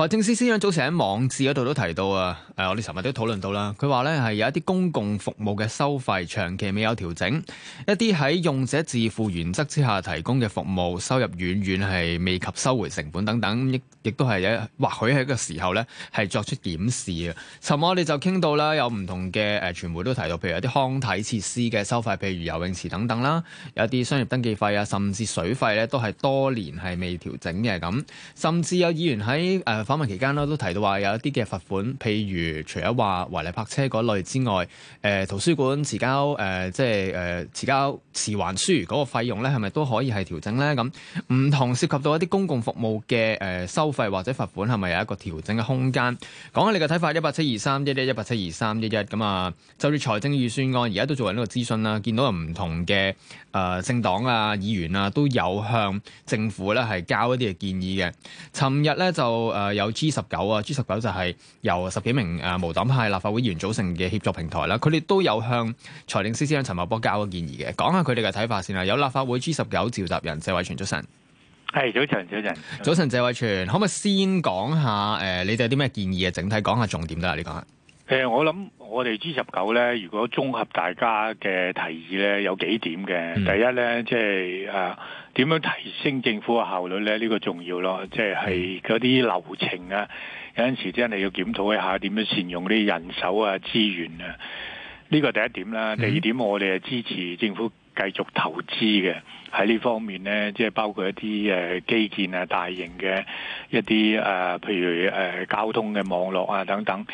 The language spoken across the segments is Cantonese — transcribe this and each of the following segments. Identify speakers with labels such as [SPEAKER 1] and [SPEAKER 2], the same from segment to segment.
[SPEAKER 1] 財政司司長早前喺網誌嗰度都提到啊，誒，我哋尋日都討論到啦，佢話咧係有一啲公共服務嘅收費長期未有調整，一啲喺用者自付原則之下提供嘅服務收入遠遠係未及收回成本等等，亦亦都係有，或許喺一個時候咧係作出檢視啊。尋日我哋就傾到啦，有唔同嘅誒傳媒都提到，譬如有啲康體設施嘅收費，譬如游泳池等等啦，有啲商業登記費啊，甚至水費咧都係多年係未調整嘅，咁，甚至有議員喺誒。呃訪問期間咧都提到話有一啲嘅罰款，譬如除咗話違例泊車嗰類之外，誒圖書館遲交誒、呃、即係誒遲交遲還書嗰個費用咧，係咪都可以係調整咧？咁唔同涉及到一啲公共服務嘅誒收費或者罰款，係咪有一個調整嘅空間？講下你嘅睇法，11, 11, 一八七二三一一一八七二三一一咁啊，就住財政預算案而家都做緊呢個諮詢啦，見到有唔同嘅誒、呃、政黨啊、議員啊都有向政府咧係交一啲嘅建議嘅。尋日咧就誒。呃有 G 十九啊，G 十九就係由十幾名誒無黨派立法會議員組成嘅協作平台啦。佢哋都有向財政司司長陳茂波交個建議嘅，講下佢哋嘅睇法先啦。有立法會 G 十九召集人謝偉銓早晨，
[SPEAKER 2] 係早晨，早
[SPEAKER 1] 晨，早晨，謝偉銓，上可唔可以先講下誒，你哋有啲咩建議啊？整體講下重點得啦，你講下。
[SPEAKER 2] 誒，我諗我哋 G 十九咧，如果綜合大家嘅提議咧，有幾點嘅。第一咧，即係誒點樣提升政府嘅效率咧？呢個重要咯，即係係嗰啲流程啊，有陣時真係要檢討一下點樣善用啲人手啊、資源啊，呢個第一點啦。第二點，我哋係支持政府。繼續投資嘅喺呢方面呢，即係包括一啲基建啊、大型嘅一啲譬如交通嘅網絡啊等等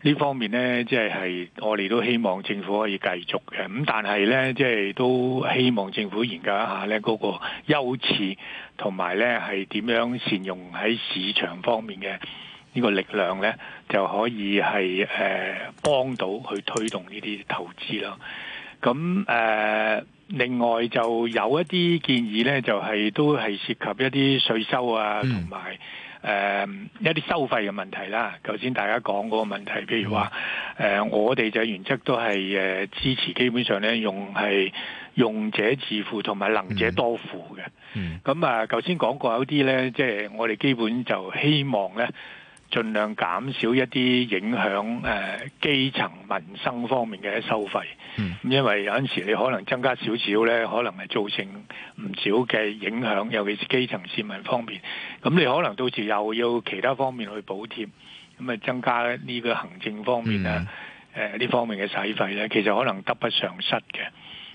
[SPEAKER 2] 呢方面呢，即係我哋都希望政府可以繼續嘅。咁但係呢，即係都希望政府研究一下呢嗰、嗰個優次同埋呢係點樣善用喺市場方面嘅呢個力量呢，就可以係誒、呃、幫到去推動呢啲投資囉。咁誒、呃，另外就有一啲建議咧，就係、是、都係涉及一啲稅收啊，同埋誒一啲收費嘅問題啦。頭先大家講嗰個問題，譬如話誒、呃，我哋就原則都係誒支持，基本上咧用係用者自負，同埋能者多負嘅。咁啊、嗯，頭先講過有啲咧，即、就、係、是、我哋基本就希望咧。盡量減少一啲影響誒、呃、基層民生方面嘅收費，嗯、因為有陣時你可能增加少少呢，可能係造成唔少嘅影響，尤其是基層市民方面。咁你可能到時又要其他方面去補貼，咁啊增加呢個行政方面啊誒呢、嗯呃、方面嘅使費呢，其實可能得不償失嘅。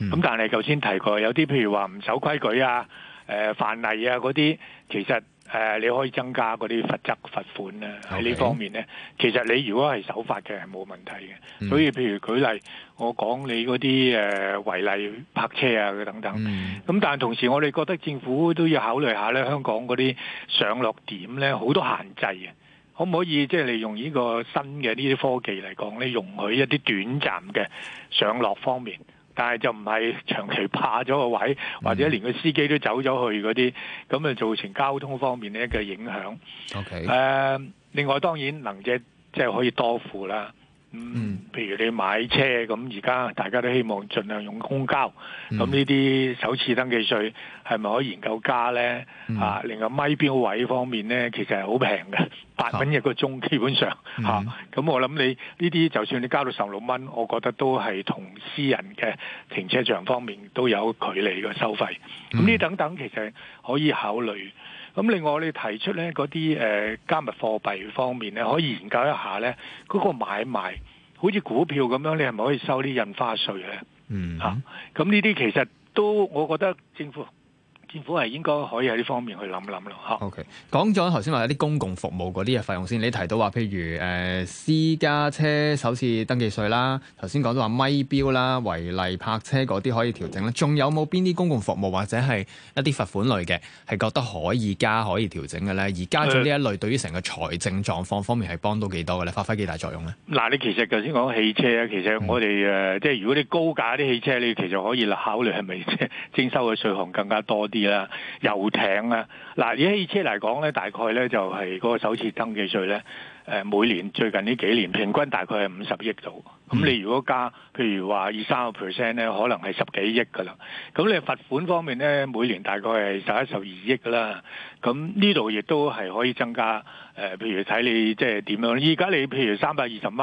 [SPEAKER 2] 咁、嗯、但係，你頭先提過有啲譬如話唔守規矩啊、誒、呃、犯例啊嗰啲，其實。誒，uh, 你可以增加嗰啲罰則罰款啦，喺呢 Okay. 方面咧，其實你如果係守法嘅，係冇問題嘅。Mm. 所以譬如舉例，我講你嗰啲誒違例泊車啊，等等。咁、mm. 但係同時，我哋覺得政府都要考慮下咧，香港嗰啲上落點咧好多限制嘅，可唔可以即係利用呢個新嘅呢啲科技嚟講咧，容許一啲短暫嘅上落方面？但係就唔係長期霸咗個位，或者連個司機都走咗去嗰啲，咁啊造成交通方面一個影響。誒 Okay.、呃，另外當然能者即係可以多付啦。嗯，譬如你買車咁，而家大家都希望盡量用公交，咁呢啲首次登記稅係咪可以研究加呢？嗯、啊，另外咪標位方面呢，其實係好平嘅，八蚊一個鐘、啊、基本上嚇。咁、嗯啊、我諗你呢啲就算你加到十六蚊，我覺得都係同私人嘅停車場方面都有距離嘅收費。咁呢、嗯、等等其實可以考慮。咁另外，我哋提出咧嗰啲誒加密貨幣方面咧，可以研究一下咧，嗰個買賣好似股票咁樣，你係咪可以收啲印花稅咧？嗯、mm，嚇、hmm. 啊，咁呢啲其實都，我覺得政府。政府係應該可以喺呢方面去諗
[SPEAKER 1] 諗咯，O K，講咗頭先話有啲公共服務嗰啲嘅費用先，你提到話譬如誒、呃、私家車首次登記稅啦，頭先講到話咪標啦、違例泊車嗰啲可以調整咧，仲有冇邊啲公共服務或者係一啲罰款類嘅係覺得可以加可以調整嘅咧？而加咗呢一類對於成個財政狀況方面係幫到幾多嘅咧？發揮幾大作用咧？
[SPEAKER 2] 嗱，你其實頭先講汽車啊，其實我哋誒、嗯、即係如果你高價啲汽車，你其實可以考慮係咪即係徵收嘅稅項更加多啲？啦，遊艇啊，嗱，以汽車嚟講咧，大概咧就係嗰個首次登記稅咧，誒每年最近呢幾年平均大概係五十億度，咁、嗯、你如果加，譬如話二三個 percent 咧，可能係十幾億噶啦，咁你罰款方面咧，每年大概係十一十二億噶啦，咁呢度亦都係可以增加，誒、呃、譬如睇你即係點樣，而家你譬如三百二十蚊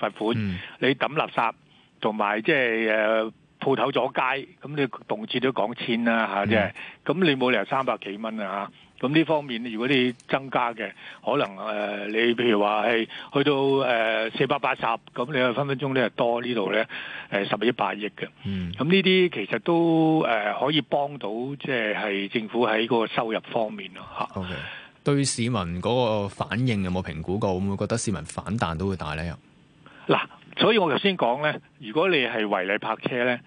[SPEAKER 2] 罰款，嗯、你抌垃圾同埋即係誒。鋪頭阻街，咁你動輒都講千啦吓，即係咁你冇理由三百幾蚊啊，咁呢方面如果你增加嘅，可能誒、呃、你譬如話係去到誒四百八十，咁、呃、你又分分鐘咧多呢度咧誒十億百億嘅，咁呢啲其實都誒、呃、可以幫到即係係政府喺嗰個收入方面咯
[SPEAKER 1] 嚇。Okay. 對市民嗰個反應有冇評估過？會唔會覺得市民反彈都會大咧？
[SPEAKER 2] 嗱。所以我頭先講呢，如果你係違例泊車呢，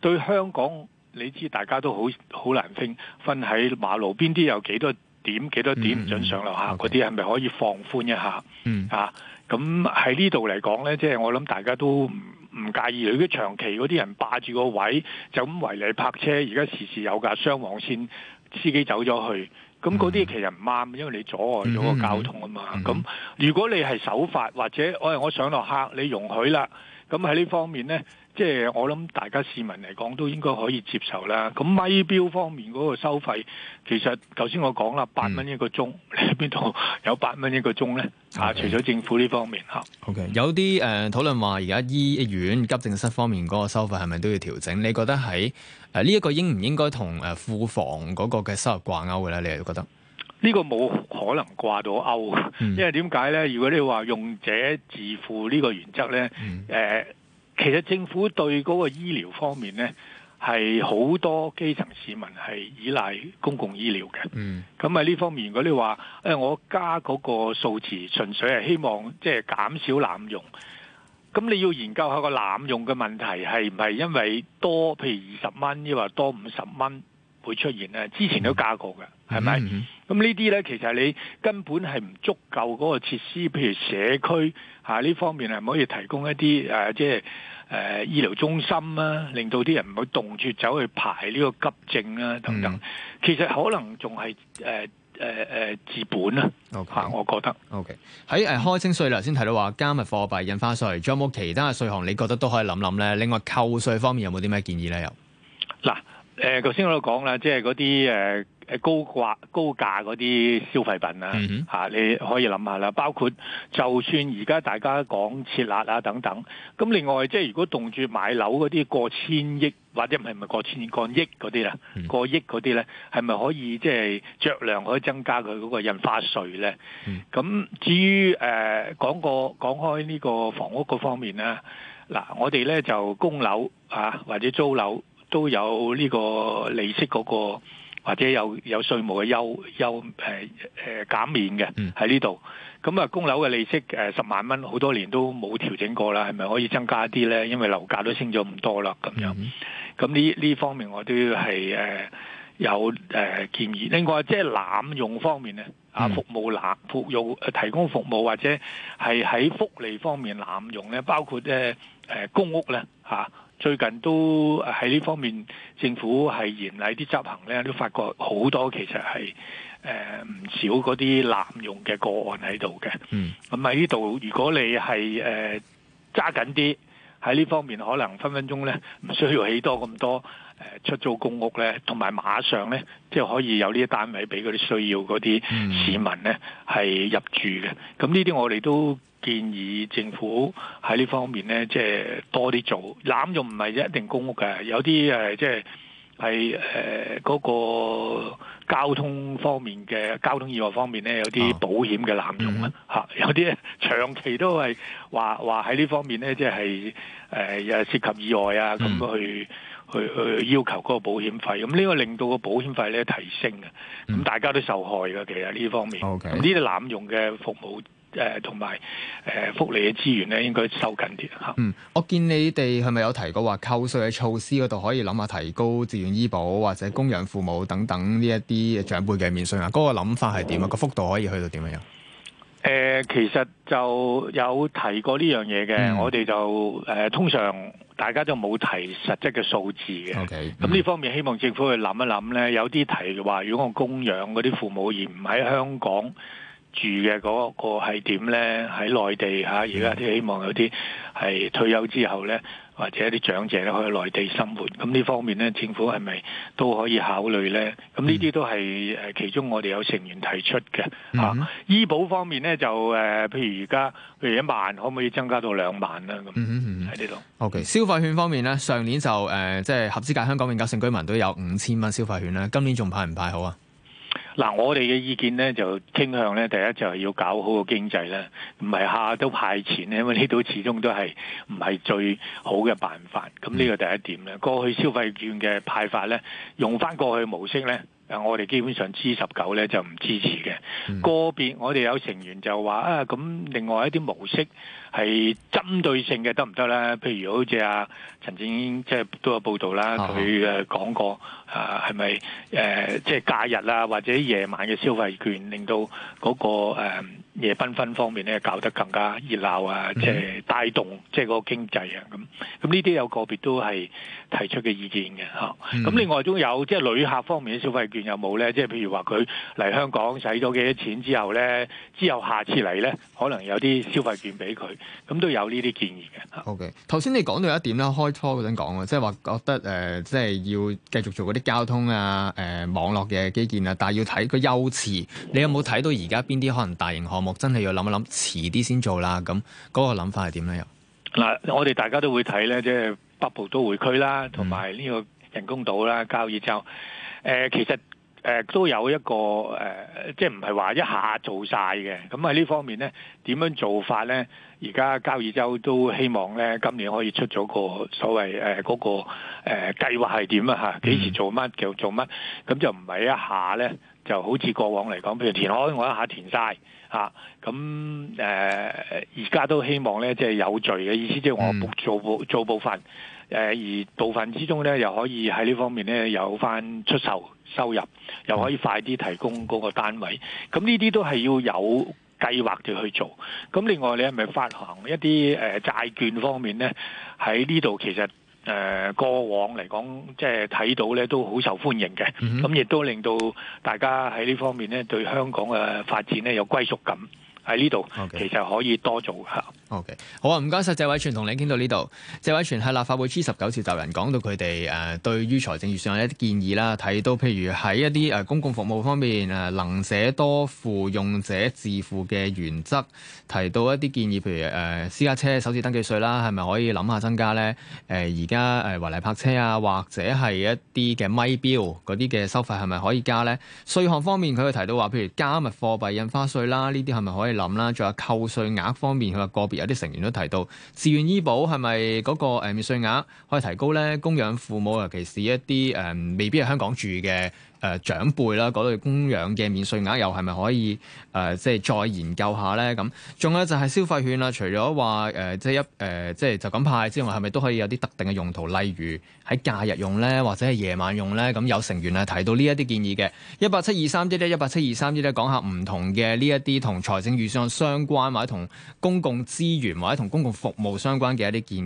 [SPEAKER 2] 對香港你知大家都好好難分。分喺馬路邊啲有幾多點，幾多點唔準上樓下，嗰啲係咪可以放寬一下？嗯、mm，咁喺呢度嚟講呢，即係我諗大家都唔唔介意。如果長期嗰啲人霸住個位，就咁違例泊車，而家時時有架雙黃線，司機走咗去。咁嗰啲其實唔啱，因為你阻礙咗個交通啊嘛。咁、嗯嗯嗯嗯嗯、如果你係守法，或者我我上落客，你容許啦。咁喺呢方面呢，即係我諗大家市民嚟講都應該可以接受啦。咁咪錶方面嗰個收費，其實頭先我講啦，八蚊一個鐘，你喺邊度有八蚊一個鐘呢？吓，Okay. 除咗政府呢方面吓。O、
[SPEAKER 1] okay. K，有啲誒、呃、討論話，而家醫院急症室方面嗰個收費係咪都要調整？你覺得喺誒呢一個應唔應該同誒、呃、庫房嗰個嘅收入掛鈎嘅咧？你又覺得？
[SPEAKER 2] 呢個冇可能掛到鈎，因為點解呢？如果你話用者自付呢個原則呢，誒、嗯呃，其實政府對嗰個醫療方面呢，係好多基層市民係依賴公共醫療嘅。咁喺呢方面，如果你話誒，我加嗰個數字，純粹係希望即係減少濫用。咁你要研究一下個濫用嘅問題，係唔係因為多，譬如二十蚊，抑或多五十蚊？會出現咧，之前都加過嘅，係咪、嗯？咁呢啲咧，其實你根本係唔足夠嗰個設施，譬如社區嚇呢、啊、方面係唔可以提供一啲誒、啊，即係誒、呃、醫療中心啦、啊，令到啲人唔好動住走去排呢個急症啦等等。其實可能仲係誒誒誒治本 Okay. 啊。嚇，我覺得。
[SPEAKER 1] O K. 喺誒開徵稅啦，先提到話加密貨幣印花稅，仲有冇其他嘅稅項？你覺得都可以諗諗咧。另外扣稅方面有冇啲咩建議咧？又嗱。
[SPEAKER 2] 誒，頭先、呃、我都講啦，即係嗰啲誒高掛高價嗰啲消費品啦、啊 mm hmm. 啊，你可以諗下啦，包括就算而家大家講設立啊等等，咁另外即係如果動住買樓嗰啲過千億或者唔係咪過千過億嗰啲啦，過億嗰啲咧係咪可以即係酌量可以增加佢嗰個印花稅咧？咁、mm hmm. 至於誒、呃、講過講開呢個房屋嗰方面咧，嗱、啊、我哋咧就供樓啊，或者租樓。都有呢個利息嗰個或者有有稅務嘅優優誒誒減免嘅喺呢度。咁啊、嗯嗯，供樓嘅利息誒十、呃、萬蚊好多年都冇調整過啦，係咪可以增加啲咧？因為樓價都升咗唔多啦，咁樣。咁呢呢方面我都係誒、呃、有誒、呃、建議。另外即係濫用方面咧，啊服務濫服用提供服務或者係喺福利方面濫用咧，包括、呃、公屋咧吓最近都喺呢方面，政府係嚴厲啲執行咧，都發覺好多其實係誒唔少嗰啲濫用嘅個案喺度嘅。嗯，咁喺呢度，如果你係誒揸緊啲喺呢方面，可能分分鐘咧唔需要起多咁多誒、呃、出租公屋咧，同埋馬上咧即係可以有呢啲單位俾嗰啲需要嗰啲市民咧係、嗯、入住嘅。咁呢啲我哋都。建議政府喺呢方面咧，即係多啲做濫用唔係一定公屋嘅，有啲誒即係係誒嗰個交通方面嘅交通意外方面咧，有啲保險嘅濫用啦，嚇、oh. mm hmm. 啊、有啲長期都係話話喺呢方面咧，即係誒又涉及意外啊，咁、mm hmm. 去去去要求嗰個保險費，咁呢個令到個保險費咧提升嘅，咁大家都受害嘅。其實呢方面呢啲 Okay. 濫用嘅服務。誒同埋誒福利嘅資源咧，應該收緊啲嚇。嗯，
[SPEAKER 1] 我見你哋係咪有提過話扣稅嘅措施嗰度可以諗下提高自願醫保或者供養父母等等呢一啲長輩嘅免稅啊？嗰、那個諗法係點啊？嗯、個幅度可以去到點樣？
[SPEAKER 2] 誒、呃，其實就有提過呢樣嘢嘅，嗯、我哋就誒、呃、通常大家都冇提實質嘅數字嘅。咁呢、嗯、方面希望政府去諗一諗咧，有啲提話，如果我供養嗰啲父母而唔喺香港。住嘅嗰個係點咧？喺內地嚇、啊，而家有啲希望有啲係退休之後咧，或者啲長者咧可以在內地生活，咁呢方面咧，政府係咪都可以考慮咧？咁呢啲都係誒其中我哋有成員提出嘅嚇、mm hmm. 啊。醫保方面咧，就誒譬如而家譬如一萬，可唔可以增加到兩萬咧？咁喺呢度。
[SPEAKER 1] Hmm. O、okay. K，消費券方面咧，上年就誒即係合資格香港永久性居民都有五千蚊消費券啦。今年仲派唔派好啊？
[SPEAKER 2] 嗱，我哋嘅意見呢，就傾向呢。第一就係要搞好個經濟啦，唔係下下都派錢，因為呢度始終都係唔係最好嘅辦法。咁呢個第一點咧，過去消費券嘅派發呢，用返過去模式呢。我哋基本上支十九 G19 咧，就唔支持嘅。嗯、個別我哋有成員就話啊，咁另外一啲模式係針對性嘅得唔得咧？譬如好似阿陳正英，即係都有報道啦，佢誒、呃嗯、講過啊，係咪誒即係假日啊或者夜晚嘅消費券，令到嗰、那個、呃夜繽紛方面咧，搞得更加熱鬧啊！即係帶動即係、就是、個經濟啊！咁咁呢啲有個別都係提出嘅意見嘅吓，咁、嗯、另外都有即係、就是、旅客方面嘅消費券有冇咧？即、就、係、是、譬如話佢嚟香港使咗幾多錢之後咧，之後下次嚟咧，可能有啲消費券俾佢。咁都有呢啲建議嘅。
[SPEAKER 1] OK，頭先你講到一點啦，開初嗰陣講，即係話覺得誒即係要繼續做嗰啲交通啊、誒、呃、網絡嘅基建啊，但係要睇個優次。你有冇睇到而家邊啲可能大型項目？真係要諗一諗，遲啲先做啦。咁、這、嗰個諗法係點咧？又
[SPEAKER 2] 嗱、嗯，我哋大家都會睇咧，即係北部都會區啦，同埋呢個人工島啦，交易之後，其實誒都有一個誒，即係唔係話一下做晒嘅。咁喺呢方面咧，點樣做法咧？而家交椅洲都希望咧，今年可以出咗個所謂誒嗰個誒計劃係點啊？嚇，幾時做乜叫做乜？咁就唔係一下咧，就好似過往嚟講，譬如填海我一下填晒。嚇、啊。咁誒而家都希望咧，即、就、係、是、有序嘅意思，即係我做做部分誒、呃，而部分之中咧又可以喺呢方面咧有返出售收入，又可以快啲提供嗰個單位。咁呢啲都係要有。計劃就去做，咁另外你係咪發行一啲誒債券方面呢？喺呢度其實誒、呃、過往嚟講，即係睇到呢都好受歡迎嘅，咁、嗯、亦都令到大家喺呢方面呢對香港嘅發展呢有歸屬感。喺呢度其實可以多做。Okay.
[SPEAKER 1] O.K. 好啊，唔該晒。謝偉銓，同你傾到呢度。謝偉銓係立法會 G 十九召集人，講到佢哋誒對於財政預算嘅一啲建議啦。睇到譬如喺一啲誒公共服務方面誒，能者多付用者自負嘅原則，提到一啲建議，譬如私家車首次登記稅啦，係咪可以諗下增加呢？誒而家誒違例泊車啊，或者係一啲嘅咪錶嗰啲嘅收費係咪可以加呢？稅項方面，佢又提到話，譬如加密貨幣印花稅啦，呢啲係咪可以諗啦？仲有扣稅額方面，佢話個別。有啲成員都提到，自願醫保係咪嗰個誒免稅額可以提高呢？供養父母，尤其是一啲誒未必喺香港住嘅，誒、呃、長輩啦，嗰類供養嘅免稅額又係咪可以誒、呃，即係再研究下咧？咁仲有就係消費券啦，除咗話誒，即係一誒，即係就咁派之外，係咪都可以有啲特定嘅用途？例如喺假日用咧，或者係夜晚用咧？咁有成員係提到呢一啲建議嘅。一八七二三一咧，一八七二三一咧，講下唔同嘅呢一啲同財政預算相關或者同公共資源或者同公共服務相關嘅一啲建議。